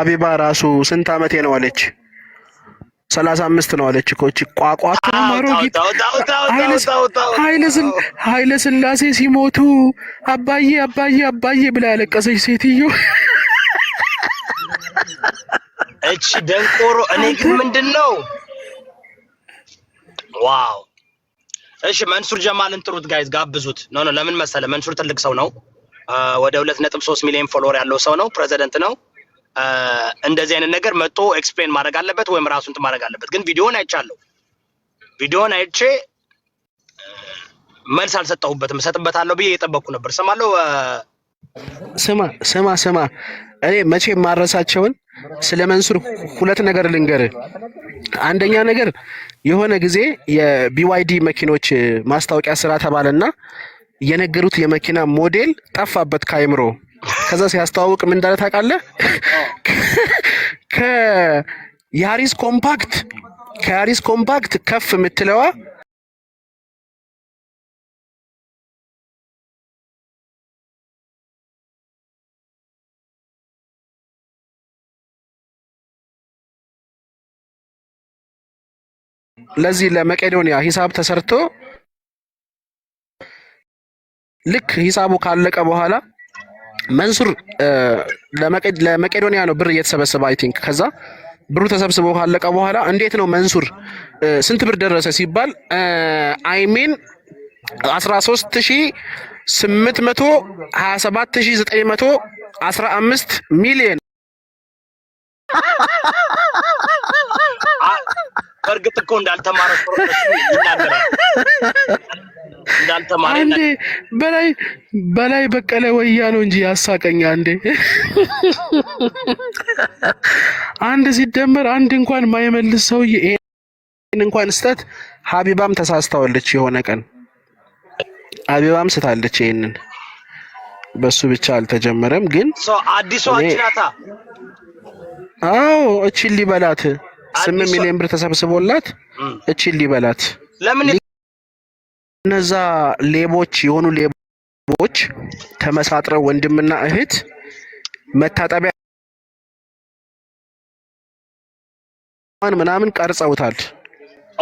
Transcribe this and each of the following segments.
አቢባ ራሱ ስንት አመቴ ነው አለች። ሰላሳ አምስት ነው አለች እኮ እቺ ቋቋቱ ማሮጊት ኃይለ ስላሴ ሲሞቱ አባዬ አባዬ አባዬ ብላ ያለቀሰች ሴትዮ እቺ ደንቆሮ። እኔ ግን ምንድን ነው ዋው! እሺ መንሱር ጀማልን ጥሩት፣ ጋይዝ ጋብዙት። ኖ ኖ ለምን መሰለ መንሱር ትልቅ ሰው ነው። ወደ ሁለት ነጥብ ሶስት ሚሊዮን ፎሎወር ያለው ሰው ነው። ፕሬዚደንት ነው። እንደዚህ አይነት ነገር መጥቶ ኤክስፕሌን ማድረግ አለበት ወይም ራሱ እንትን ማድረግ አለበት። ግን ቪዲዮን አይቻለሁ። ቪዲዮን አይቼ መልስ አልሰጠሁበትም። እሰጥበታለሁ ብዬ እየጠበቅኩ ነበር። እሰማለሁ። ስማ ስማ ስማ፣ እኔ መቼ ማረሳቸውን ስለ መንሱር ሁለት ነገር ልንገር። አንደኛ ነገር የሆነ ጊዜ የቢዋይዲ መኪኖች ማስታወቂያ ስራ ተባለና የነገሩት የመኪና ሞዴል ጠፋበት ካይምሮ ከዛ ሲያስተዋውቅ ምን እንዳለ ታውቃለህ? ከያሪስ ኮምፓክት ከያሪስ ኮምፓክት ከፍ የምትለዋ ለዚህ ለመቄዶንያ ሂሳብ ተሰርቶ ልክ ሂሳቡ ካለቀ በኋላ መንሱር ለመቄዶንያ ነው ብር እየተሰበሰበ አይ ቲንክ። ከዛ ብሩ ተሰብስቦ ካለቀ በኋላ እንዴት ነው መንሱር ስንት ብር ደረሰ ሲባል አይሜን አስራ ሶስት ሺ ስምንት መቶ ሀያ ሰባት ሺ ዘጠኝ መቶ አስራ አምስት ሚሊየን በእርግጥ እኮ እንዳልተማረ እንዳልተማረ አንዴ በላይ በላይ በቀለ ወያ ነው እንጂ ያሳቀኛ። አንዴ አንድ ሲደመር አንድ እንኳን ማይመልስ ሰውዬ ይሄን እንኳን ስህተት ሀቢባም ተሳስተዋለች። የሆነ ቀን ሀቢባም ስታለች። ይሄንን በሱ ብቻ አልተጀመረም። ግን አዲሷ አጭናታ አዎ እቺ ሊበላት ስምንት ሚሊዮን ብር ተሰብስቦላት እቺ ሊበላት ለምን እነዛ ሌቦች የሆኑ ሌቦች ተመሳጥረው ወንድምና እህት መታጠቢያ ምናምን ቀርጸውታል።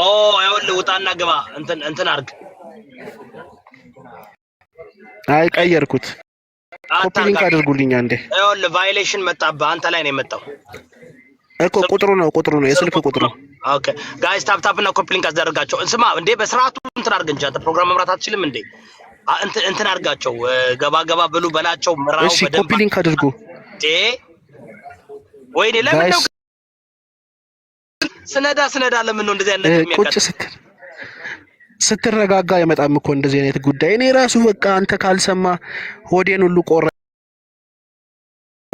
ኦ ይኸውልህ፣ ውጣና ግባ እንትን እንትን አርግ። አይ ቀየርኩት። ኮፒ ሊንክ አድርጉልኝ አንዴ። ይኸውልህ ቫዮሌሽን መጣብህ፣ አንተ ላይ ነው የመጣው። እኮ ቁጥሩ ነው ቁጥሩ ነው የስልክ ቁጥሩ። ኦኬ ጋይስ ታፕ ታፕ እና ኮፕሊንግ አስደረጋቸው። ስማ እንዴ በስርዓቱ እንትን አድርግ እንጂ አንተ ፕሮግራም መምራት አትችልም እንዴ? እንትን አድርጋቸው፣ ገባ ገባ ብሉ በላቸው። ምራው እሺ፣ ኮፕሊንግ አድርጉ እንዴ። ወይኔ ለምን ነው ስነዳ ስነዳ ለምን ነው እንደዚህ አይነት ነገር የሚያቀጥ ስትረጋጋ አይመጣም እኮ እንደዚህ አይነት ጉዳይ። እኔ ራሱ በቃ አንተ ካልሰማ ሆዴን ሁሉ ቆረ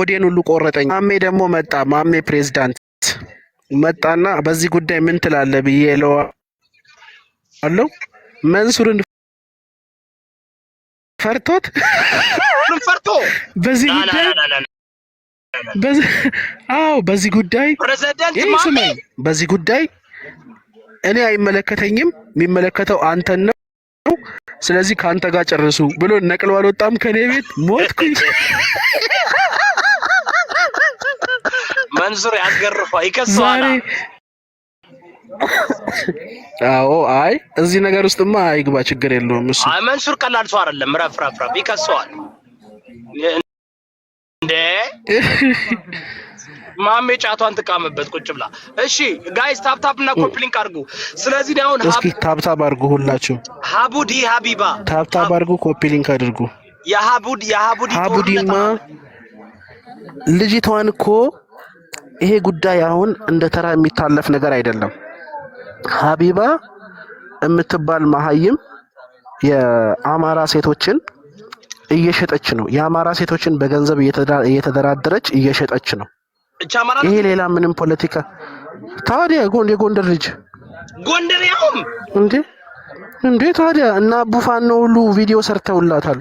ወዴን ሁሉ ቆረጠኝ። ማሜ ደግሞ መጣ። ማሜ ፕሬዝዳንት መጣና በዚህ ጉዳይ ምን ትላለ ብዬ አለው መንሱርን ፈርቶት ፈርቶ በዚህ ጉዳይ አዎ፣ በዚህ ጉዳይ በዚህ ጉዳይ እኔ አይመለከተኝም፣ የሚመለከተው አንተን ነው። ስለዚህ ከአንተ ጋር ጨርሱ ብሎ ነቅሎ አልወጣም ከኔ ቤት ሞትኩኝ። መንዙር ያስገርፋ ይከሷል። አዎ አይ እዚህ ነገር ውስጥማ አይግባ፣ ችግር የለውም እሱ። አይ መንሱር ቀላል ሰው አይደለም። ረፍ ረፍ ረፍ ይከሰዋል እንዴ ማሜ ጫቷን ትቃምበት ቁጭ ብላ። እሺ ጋይስ ታፕታፕ እና ኮፕሊንግ አድርጉ። ስለዚህ ነው አሁን እስኪ ታፕ ታፕ አድርጉ ሁላችሁ። ሀቡዲ ሀቢባ ታፕ ታፕ አድርጉ፣ ኮፕሊንግ አድርጉ። የሀቡዲ የሀቡዲ ሀቡዲማ ልጅቷን እኮ ይሄ ጉዳይ አሁን እንደ ተራ የሚታለፍ ነገር አይደለም። ሀቢባ የምትባል መሀይም የአማራ ሴቶችን እየሸጠች ነው። የአማራ ሴቶችን በገንዘብ እየተደራደረች እየሸጠች ነው። ይሄ ሌላ ምንም ፖለቲካ ታዲያ የጎንደር ልጅ ጎንደር ያሁም እንዴ እንዴ ታዲያ እና ቡፋን ነው ሁሉ ቪዲዮ ሰርተውላታል።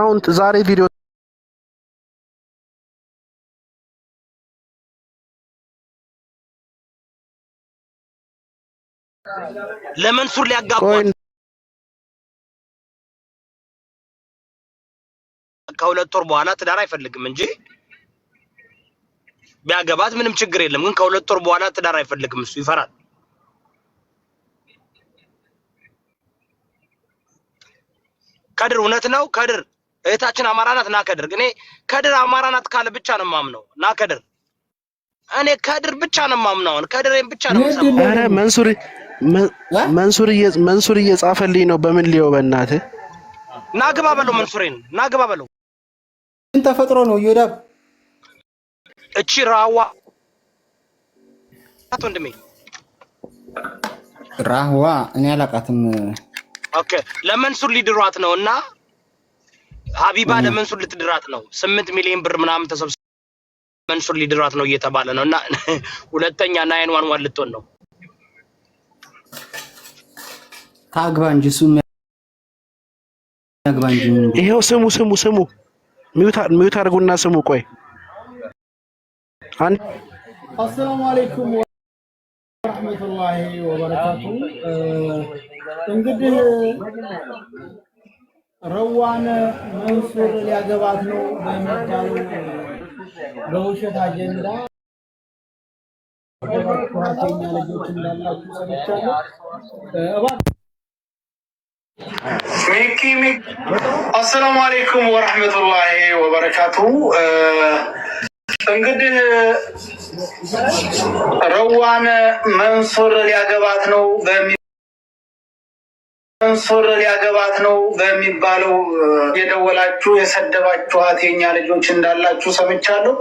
አሁን ዛሬ ቪዲዮ ለመንሱር ሊያጋቧት ከሁለት ወር በኋላ ትዳር አይፈልግም እንጂ ቢያገባት ምንም ችግር የለም። ግን ከሁለት ወር በኋላ ትዳር አይፈልግም፣ እሱ ይፈራል። ከድር እውነት ነው። ከድር እህታችን አማራ ናት። ና ከድር እኔ ከድር አማራ ናት ካለ ብቻ ነው የማምነው። ና ከድር እኔ ከድር ብቻ ነው የማምነው። አሁን ከድሬን ብቻ ነው መንሱር መንሱር እየጻፈልኝ ነው። በምን ሊየው? በእናትህ ና ግባ በለው መንሱሬን፣ ና ግባ በለው። ምን ተፈጥሮ ነው? ይወዳብ እቺ ራዋ አቶ ወንድሜ ራህዋ እኔ አላውቃትም። ኦኬ ለመንሱር ሊድሯት ነው እና ሀቢባ ለመንሱር ልትድራት ነው። ስምንት ሚሊዮን ብር ምናምን ተሰብስቦ መንሱር ሊድራት ነው እየተባለ ነው እና ሁለተኛ ናይን ዋን ዋን ልትሆን ነው ታግባ እንጂ እሱ ያግባ እንጂ። ይሄው ስሙ ስሙ ስሙ፣ ሚዩት አድርጉና ስሙ። ቆይ አንድ አሰላሙ አለይኩም ወራህመቱላሂ ወበረካቱ። እንግዲህ ረዋን መንሱር ሊያገባት ነው በሚባለው በውሸት አጀንዳ ኩራተኛ ልጆች እንዳላችሁ ሰምቻለሁ። ሚኪ ሚኪ አሰላሙ አሌይኩም ወረህመቱላሂ ወበረካቱ። እንግዲህ ረዋን መንሱር ሊያገባት ነው መንሱር ሊያገባት ነው በሚባለው የደወላችሁ የሰደባችኋት የኛ ልጆች እንዳላችሁ ሰምቻለሁ።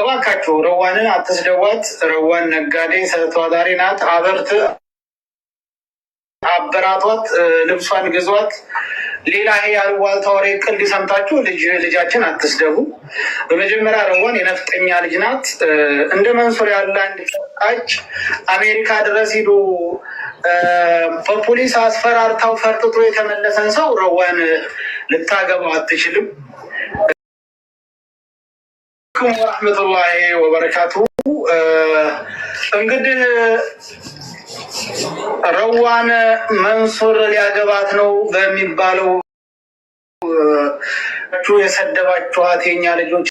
እባካችሁ ረዋንን አትስደዋት። ረዋን ነጋዴ ተዋዳሪ ናት። አበርት አበራቷት ልብሷን ግዟት። ሌላ ይሄ ያልዋልታ ወሬ ቅልድ ሰምታችሁ ልጃችን አትስደቡ። በመጀመሪያ ረዋን የነፍጠኛ ልጅ ናት። እንደ መንሱር ያለ አንድ ጨቃጭ አሜሪካ ድረስ ሂዶ በፖሊስ አስፈራርታው ፈርጥጦ የተመለሰን ሰው ረዋን ልታገባው አትችልም። ረመቱላ ወበረካቱ እንግዲህ ረዋን መንሱር ሊያገባት ነው በሚባለው የሰደባችኋት የኛ ልጆች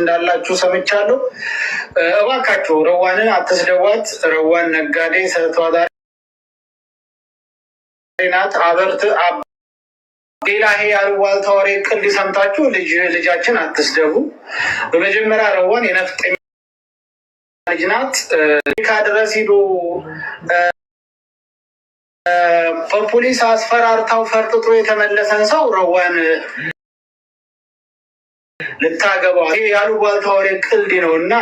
እንዳላችሁ ሰምቻለሁ። እባካችሁ ረዋንን አትስደዋት ረዋን ነጋዴ ሰተዋዳሪ ናት። አበርት ሌላሄ ያልዋል ቅል ሰምታችሁ ልጃችን አትስደቡ። በመጀመሪያ ረዋን የነፍጠኛ ልጅ ናት። ካድረስ ሂዶ በፖሊስ አስፈራርታው ፈርጥጦ የተመለሰን ሰው ረዋን ልታገባ ያሉባልታ ወሬ ቅልድ ነው እና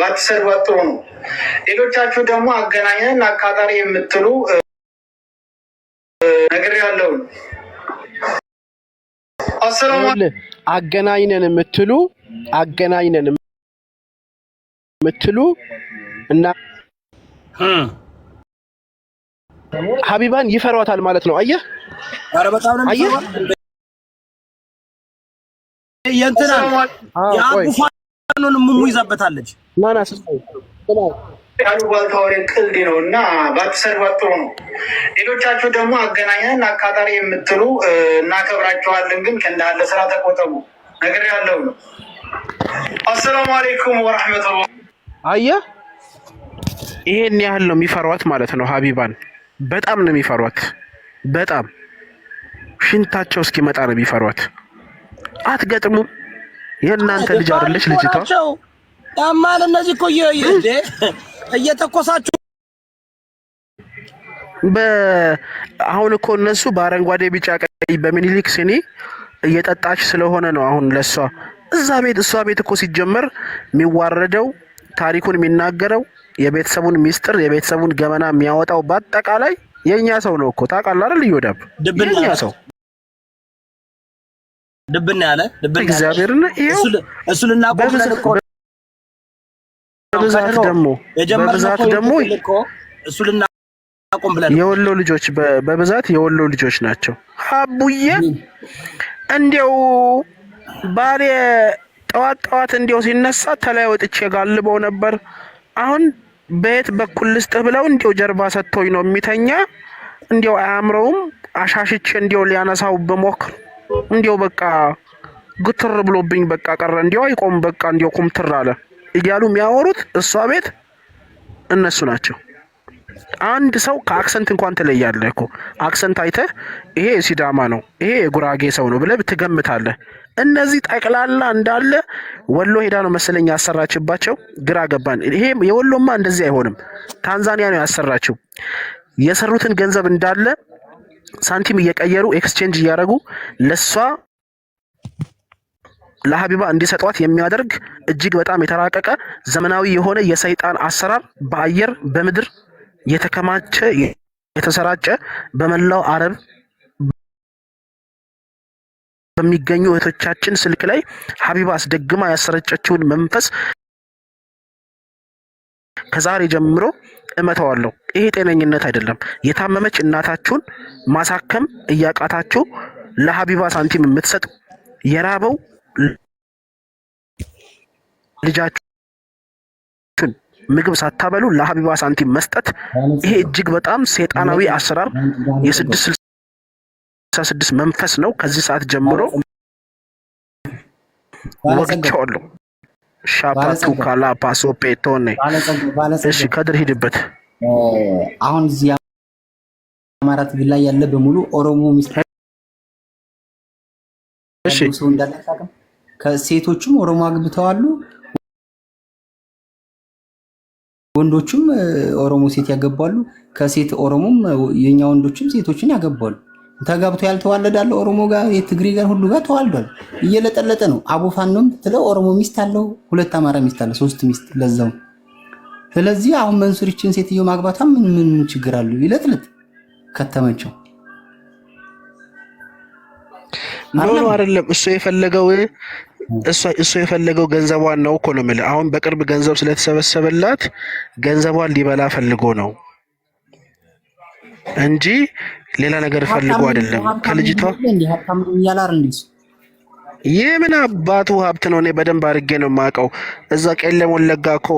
ባትሰድቧት ጥሩ ነው። ሌሎቻችሁ ደግሞ አገናኘን አቃጣሪ የምትሉ ነገር አሰላሙ አገናኝነን የምትሉ አገናኝነን የምትሉ እና ሀቢባን ይፈሯታል ማለት ነው። አየህ አየህ የእንትና ሙሙ ይዛበታለች። ማናስ ቅልድ ነው እና ጥሩ ነው። ሌሎቻችሁ ደግሞ አገናኛን አቃጣሪ የምትሉ እናከብራችኋለን፣ ግን ከእንዳለ ስራ ተቆጠቡ። ነገር ያለው ነው። አሰላሙ አሌይኩም ወረሕመቱላህ አየህ፣ ይሄን ያህል ነው የሚፈሯት ማለት ነው። ሀቢባን በጣም ነው የሚፈሯት፣ በጣም ሽንታቸው እስኪመጣ ነው የሚፈሯት። አትገጥሙም? የእናንተ ልጅ አይደለች ልጅቷ ያማል። እነዚህ እኮ እየተኮሳችሁ አሁን እኮ እነሱ በአረንጓዴ ቢጫ፣ ቀይ በሚኒሊክ ሲኒ እየጠጣች ስለሆነ ነው አሁን ለእሷ እዛ ቤት እሷ ቤት እኮ ሲጀመር የሚዋረደው ታሪኩን የሚናገረው የቤተሰቡን ሚስጥር የቤተሰቡን ገመና የሚያወጣው በአጠቃላይ የእኛ ሰው ነው እኮ ታውቃለህ አይደል? ይወዳብ የእኛ ሰው ድብና ያለ እግዚአብሔርን ይኸው እሱ ልናቆምለን እኮ በብዛት ደግሞ በብዛት ደግሞ እሱ ልናቆም ብለን የወሎ ልጆች በብዛት የወሎ ልጆች ናቸው። አቡዬ እንዲያው ባሌ ጠዋት ጠዋት እንዲያው ሲነሳ ተላይ ወጥቼ ጋልበው ነበር። አሁን በየት በኩል ልስጥህ ብለው እንዲያው ጀርባ ሰጥቶኝ ነው የሚተኛ። እንዲያው አያምረውም። አሻሽቼ እንዲያው ሊያነሳው በሞክር እንዲያው በቃ ግትር ብሎብኝ በቃ ቀረ። እንዲያው አይቆም በቃ እንዲያው ኩምትር አለ እያሉ የሚያወሩት እሷ ቤት እነሱ ናቸው። አንድ ሰው ከአክሰንት እንኳን ትለያለህ እኮ አክሰንት አይተህ ይሄ ሲዳማ ነው ይሄ የጉራጌ ሰው ነው ብለህ ትገምታለህ። እነዚህ ጠቅላላ እንዳለ ወሎ ሄዳ ነው መሰለኝ ያሰራችባቸው። ግራ ገባን። ይሄ የወሎማ እንደዚህ አይሆንም፣ ታንዛኒያ ነው ያሰራችው። የሰሩትን ገንዘብ እንዳለ ሳንቲም እየቀየሩ ኤክስቼንጅ እያደረጉ ለሷ ለሀቢባ እንዲሰጧት የሚያደርግ እጅግ በጣም የተራቀቀ ዘመናዊ የሆነ የሰይጣን አሰራር በአየር በምድር የተከማቸ የተሰራጨ በመላው አረብ በሚገኙ እህቶቻችን ስልክ ላይ ሀቢባ አስደግማ ያሰረጨችውን መንፈስ ከዛሬ ጀምሮ እመተዋለሁ። ይሄ ጤነኝነት አይደለም። የታመመች እናታችሁን ማሳከም እያቃታችሁ ለሀቢባ ሳንቲም የምትሰጡ የራበው ልጃችሁን ምግብ ሳታበሉ ለሀቢባ ሳንቲም መስጠት ይሄ እጅግ በጣም ሴጣናዊ አሰራር የስድስት ስድስት መንፈስ ነው። ከዚህ ሰዓት ጀምሮ ወግቸዋለሁ። ሻፓቱ ካላ ፓሶ ፔቶኔ። እሺ ከድር ሂድበት። አሁን እዚህ ትግል ላይ ያለ በሙሉ ኦሮሞ ሰው ከሴቶቹም ኦሮሞ አግብተዋሉ፣ ወንዶቹም ኦሮሞ ሴት ያገባሉ። ከሴት ኦሮሞም የኛ ወንዶችም ሴቶችን ያገባሉ። ተጋብቶ ያልተዋለዳለ ኦሮሞ ጋር የትግሪ ጋር ሁሉ ጋር ተዋልዷል። እየለጠለጠ ነው። አቦፋኖም ትለው ኦሮሞ ሚስት አለው፣ ሁለት አማራ ሚስት አለ፣ ሶስት ሚስት ለዛው። ስለዚህ አሁን መንሱሪችን ሴትዮ ማግባቷ ምን ምን ችግር አለው? ይለጥልጥ ከተመቸው ነው አይደለም። እሱ የፈለገው እሱ የፈለገው ገንዘቧን ነው እኮ ነው የምልህ። አሁን በቅርብ ገንዘብ ስለተሰበሰበላት ገንዘቧን ሊበላ ፈልጎ ነው እንጂ ሌላ ነገር ፈልጎ አይደለም። ከልጅቷ የምን አባቱ ሀብት ነው? እኔ በደንብ አድርጌ ነው የማውቀው። እዛ ቄለም ወለጋ እኮ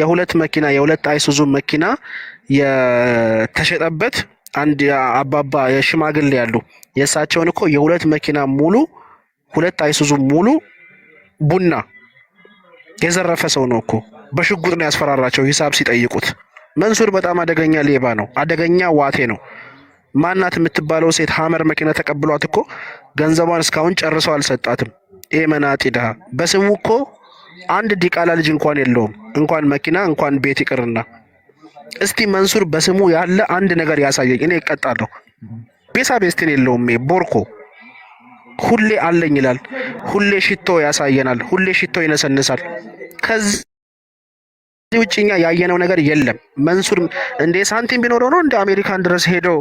የሁለት መኪና የሁለት አይሱዙ መኪና የተሸጠበት አንድ አባባ የሽማግሌ ያሉ የእሳቸውን እኮ የሁለት መኪና ሙሉ ሁለት አይሱዙ ሙሉ ቡና የዘረፈ ሰው ነው እኮ። በሽጉጥ ነው ያስፈራራቸው ሂሳብ ሲጠይቁት። መንሱር በጣም አደገኛ ሌባ ነው፣ አደገኛ ዋቴ ነው። ማናት የምትባለው ሴት ሀመር መኪና ተቀብሏት እኮ ገንዘቧን እስካሁን ጨርሶ አልሰጣትም። ይሄ መናጢ በስሙ እኮ አንድ ዲቃላ ልጅ እንኳን የለውም። እንኳን መኪና እንኳን ቤት ይቅርና እስቲ መንሱር በስሙ ያለ አንድ ነገር ያሳየኝ፣ እኔ እቀጣለሁ። ቤሳ ቤስቲን የለውም። ቦርኮ ሁሌ አለኝ ይላል። ሁሌ ሽቶ ያሳየናል። ሁሌ ሽቶ ይነሰንሳል። ከዚህ ውጭኛ ያየነው ነገር የለም። መንሱር እንደ ሳንቲም ቢኖረው ነው እንደ አሜሪካን ድረስ ሄደው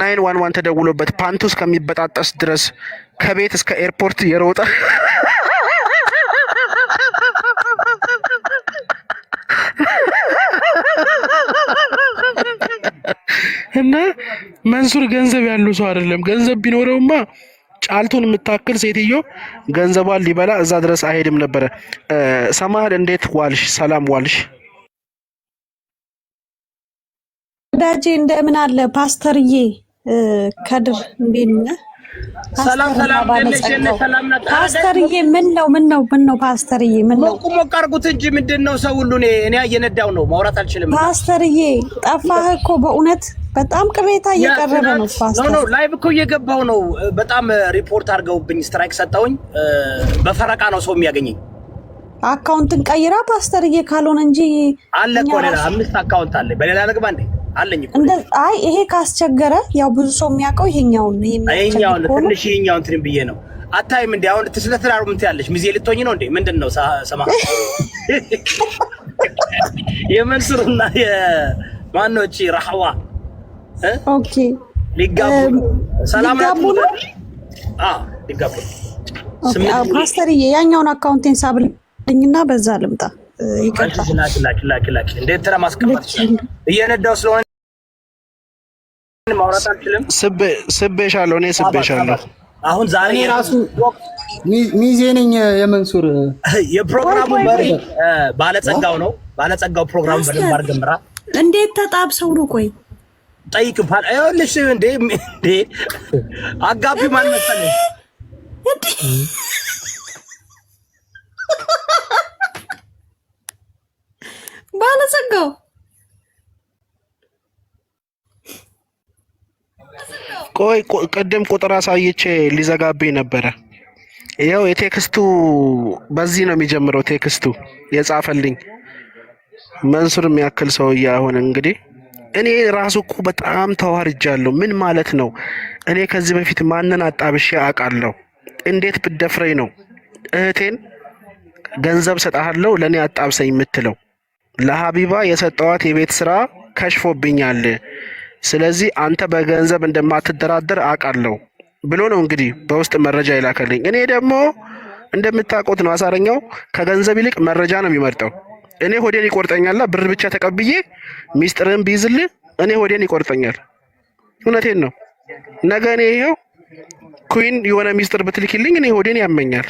ናይን ዋን ዋን ተደውሎበት ፓንቱ እስከሚበጣጠስ ድረስ ከቤት እስከ ኤርፖርት የሮጠ እና መንሱር ገንዘብ ያለው ሰው አይደለም። ገንዘብ ቢኖረውማ ጫልቱን የምታክል ሴትዮ ገንዘቧን ሊበላ እዛ ድረስ አይሄድም ነበረ። ሰማህል እንዴት ዋልሽ? ሰላም ዋልሽ? ወዳጄ እንደምን አለ ፓስተርዬ? ከድር እንዴት ነህ? ሰላም ሰላም፣ ፓስተርዬ ምን ነው ምን ነው ምን ነው ፓስተርዬ ምን ነው? ቁሞ ቀርጉት እንጂ ምንድን ነው ሰው ሁሉ እኔ እኔ እየነዳው ነው ማውራት አልችልም። ፓስተርዬ ጠፋህ እኮ በእውነት በጣም ቅሬታ እየቀረበ ነው። ፓስተር ነው ላይቭ እኮ እየገባው ነው። በጣም ሪፖርት አድርገውብኝ ስትራይክ ሰጠውኝ። በፈረቃ ነው ሰው የሚያገኘኝ። አካውንትን ቀይራ ፓስተርዬ ካልሆነ እንጂ አለ እኮ ሌላ አምስት አካውንት አለ። በሌላ ልግባ እንዴ አለኝ እኮ አይ ይሄ ካስቸገረ ያው ብዙ ሰው የሚያውቀው ይሄኛውን ይሄኛውን ትንሽ ይሄኛውን እንትን ብዬ ነው። አታይም እንዴ አሁን ስለተራሩ ምን ትያለሽ? ሚዜ ልትሆኝ ነው እንዴ? ምንድን ነው ሰማ የመንሱርና የማኖች ራህዋ ኦኬ፣ ሊጋቡ ሰላም ሊጋቡ ነው። አዎ ሊጋቡ ፓስተርዬ፣ ያኛውን አካውንቴን ሳብልኝና በዛ ልምጣ ይቀርላል። ላኪ ላኪ ላኪ እንዴት ተራ ማስቀመጥ እየነዳው ስለሆነ ስቤሻለሁ እኔ ስቤሻለሁ። አሁን ዛሬ ራሱ ሚዜ ነኝ። የመንሱር የፕሮግራሙ መሪ ባለጸጋው ነው። ባለጸጋው ፕሮግራሙ በደንብ አድርገን እንዴት ተጣብሰው ነው? ቆይ ጠይቅ ልሽ እንዴ እንዴ አጋቢ ማን መሰለኝ ባለጸጋው ቆይ ቅድም ቁጥር አሳይቼ ሊዘጋብኝ ነበረ። ይኸው የቴክስቱ በዚህ ነው የሚጀምረው። ቴክስቱ የጻፈልኝ መንሱር የሚያክል ሰውዬ አሁን እንግዲህ እኔ ራሱ እኮ በጣም ተዋርጃለሁ። ምን ማለት ነው? እኔ ከዚህ በፊት ማንን አጣብሼ አውቃለሁ? እንዴት ብደፍረኝ ነው እህቴን ገንዘብ ሰጣሃለሁ ለእኔ አጣብሰኝ የምትለው? ለሀቢባ የሰጠዋት የቤት ስራ ከሽፎብኛል። ስለዚህ አንተ በገንዘብ እንደማትደራደር አውቃለሁ ብሎ ነው እንግዲህ በውስጥ መረጃ ይላከልኝ። እኔ ደግሞ እንደምታውቁት ነው አሳረኛው ከገንዘብ ይልቅ መረጃ ነው የሚመርጠው። እኔ ሆዴን ይቆርጠኛልና ብር ብቻ ተቀብዬ ሚስጥርን ቢይዝልህ እኔ ሆዴን ይቆርጠኛል። እውነቴን ነው። ነገ እኔ ይኸው ኩዊን የሆነ ሚስጥር ብትልክልኝ እኔ ሆዴን ያመኛል።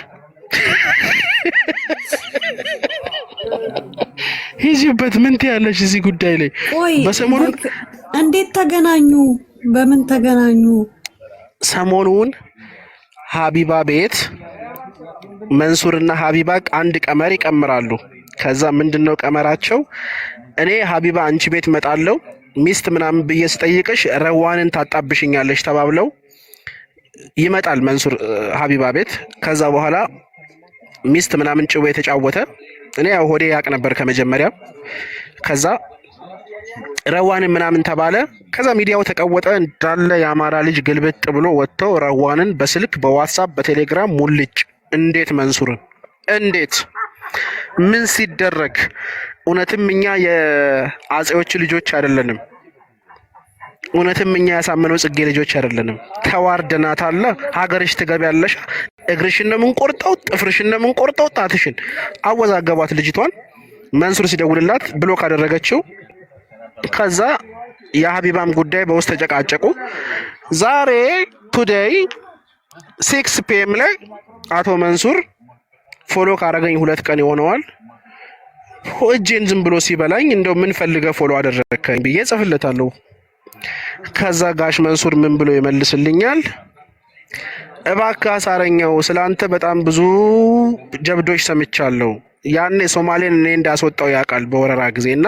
ሂጂበት ምንት ትያለሽ እዚህ ጉዳይ ላይ በሰሞኑን እንዴት ተገናኙ? በምን ተገናኙ? ሰሞኑን ሀቢባ ቤት መንሱርና ሀቢባ አንድ ቀመር ይቀምራሉ። ከዛ ምንድን ነው ቀመራቸው? እኔ ሀቢባ አንቺ ቤት መጣለው ሚስት ምናምን ብዬ ስጠይቅሽ ረዋንን ታጣብሽኛለሽ ተባብለው ይመጣል መንሱር ሀቢባ ቤት። ከዛ በኋላ ሚስት ምናምን ጭቦ የተጫወተ እኔ ያው ሆዴ ያቅ ነበር ከመጀመሪያ ከዛ ረዋንን ምናምን ተባለ። ከዛ ሚዲያው ተቀወጠ። እንዳለ የአማራ ልጅ ግልብጥ ብሎ ወጥቶ ረዋንን በስልክ በዋትሳፕ በቴሌግራም ሙልጭ። እንዴት መንሱርን እንዴት ምን ሲደረግ እውነትም እኛ የአጼዎች ልጆች አይደለንም። እውነትም እኛ ያሳመነው ጽጌ ልጆች አይደለንም። አለ ሀገርሽ ትገቢያለሽ። እግርሽን ነው የምንቆርጠው፣ ጥፍርሽን ነው የምንቆርጠው፣ ጣትሽን። አወዛገቧት ልጅቷን መንሱር ሲደውልላት ብሎ ካደረገችው ከዛ የሀቢባም ጉዳይ በውስጥ ተጨቃጨቁ። ዛሬ ቱዴይ ሲክስ ፒኤም ላይ አቶ መንሱር ፎሎ ካረገኝ ሁለት ቀን ይሆነዋል እጄን ዝም ብሎ ሲበላኝ እንደው ምን ፈልገ ፎሎ አደረግከኝ ብዬ ጽፍለታለሁ። ከዛ ጋሽ መንሱር ምን ብሎ ይመልስልኛል? እባክህ አሳረኛው ስለአንተ በጣም ብዙ ጀብዶች ሰምቻለሁ። ያኔ ሶማሌን እኔ እንዳስወጣው ያውቃል በወረራ ጊዜና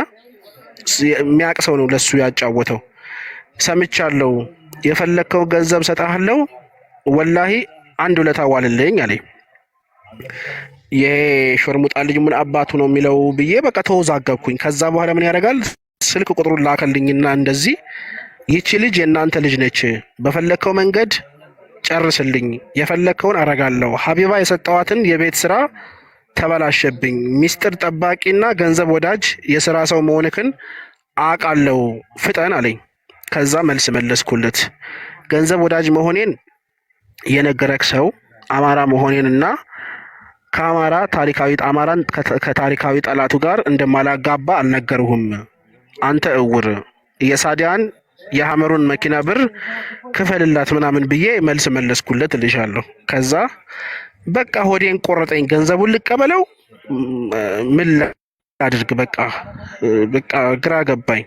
የሚያቅ ሰው ነው ለሱ ያጫወተው። ሰምቻለሁ፣ የፈለግከው ገንዘብ ሰጠሃለው፣ ወላሂ አንድ ሁለት አዋልልኝ አለኝ። ይሄ ሾርሙጣ ልጅ ምን አባቱ ነው የሚለው ብዬ በቃ ተወዛገብኩኝ። ከዛ በኋላ ምን ያደርጋል ስልክ ቁጥሩን ላከልኝና እንደዚህ ይቺ ልጅ የእናንተ ልጅ ነች፣ በፈለግከው መንገድ ጨርስልኝ፣ የፈለግከውን አረጋለሁ። ሀቢባ የሰጠዋትን የቤት ስራ ተበላሸብኝ። ሚስጥር ጠባቂና ገንዘብ ወዳጅ የስራ ሰው መሆንክን አውቃለሁ፣ ፍጠን አለኝ። ከዛ መልስ መለስኩለት። ገንዘብ ወዳጅ መሆኔን የነገረክ ሰው አማራ መሆኔን እና ከአማራ ታሪካዊ አማራን ከታሪካዊ ጠላቱ ጋር እንደማላጋባ አልነገርሁም። አንተ እውር የሳዲያን የሐመሩን መኪና ብር ክፈልላት ምናምን ብዬ መልስ መለስኩለት ልሻለሁ ከዛ በቃ ሆዴን ቆረጠኝ። ገንዘቡን ልቀበለው ምን አድርግ? በቃ በቃ ግራ ገባኝ።